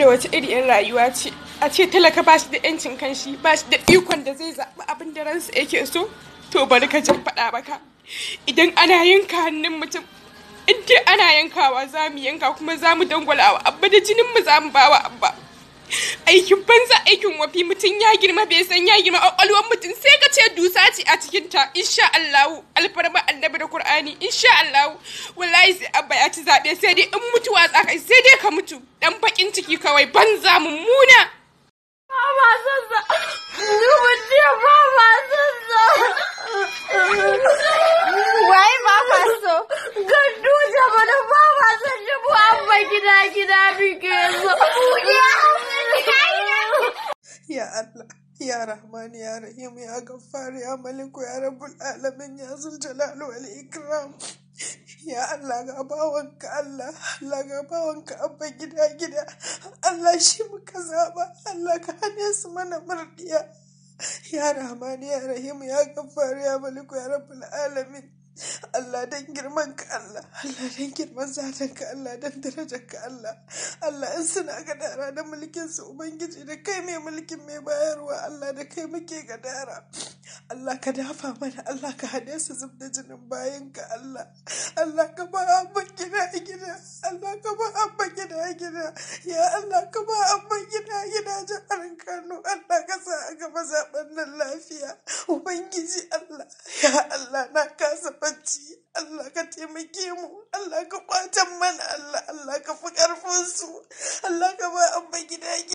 da wace yan rayuwa ce a ce talaka ba shi da yancin kanshi ba shi da ikon da zai zaɓi abin da ransa yake so to bari ka je faɗa baka. idan ana yanka hannun mutum in ana yankawa za mu yanka kuma za mu dangwala wa abba da jinin mu za mu ba wa abba aikin banza aikin wafi mutum ya girma bai san ya girma ƙwaƙwalwar mutum sai ka ce dusa ce a cikin ta insha Allahu alfarma annabi da Qur'ani insha Allahu wallahi sai abba ya ci zabe sai dai in mutuwa tsaka sai dai ka mutu dan bakin ciki kawai banza mummuna ba zan Allah ya Rahman ya Rahim ya Gaffar ya Maliku ya Rabbul Alamin ya Zuljalal wal Ikram ya Allah ga bawanka Allah Allah ga bawanka abba gida gida Allah shi muka zaba Allah ka hane su mana murdiya ya Rahman ya Rahim ya Gaffar ya Maliku ya Rabbul Alamin Allah don girman ka Allah Allah don girman zatan ka Allah don darajar ka Allah Allah in suna gadara da mulkin su ubangiji da kai mai mulkin mai bayarwa Allah da kai muke gadara Allah ka dafa mana Allah ka hade su zub da jinin bayan ka Allah Allah ka ba abban gida gida Allah ka ba abban gida gida ya Allah ka ba abban gida gida gidajen arin Kano Allah ka sa a gaba zaben nan lafiya ubangiji Allah ya Allah na kasa bacci Allah ka taimake mu Allah ka kwatan mana Allah Allah ka fi karfin su Allah ka ba abba gida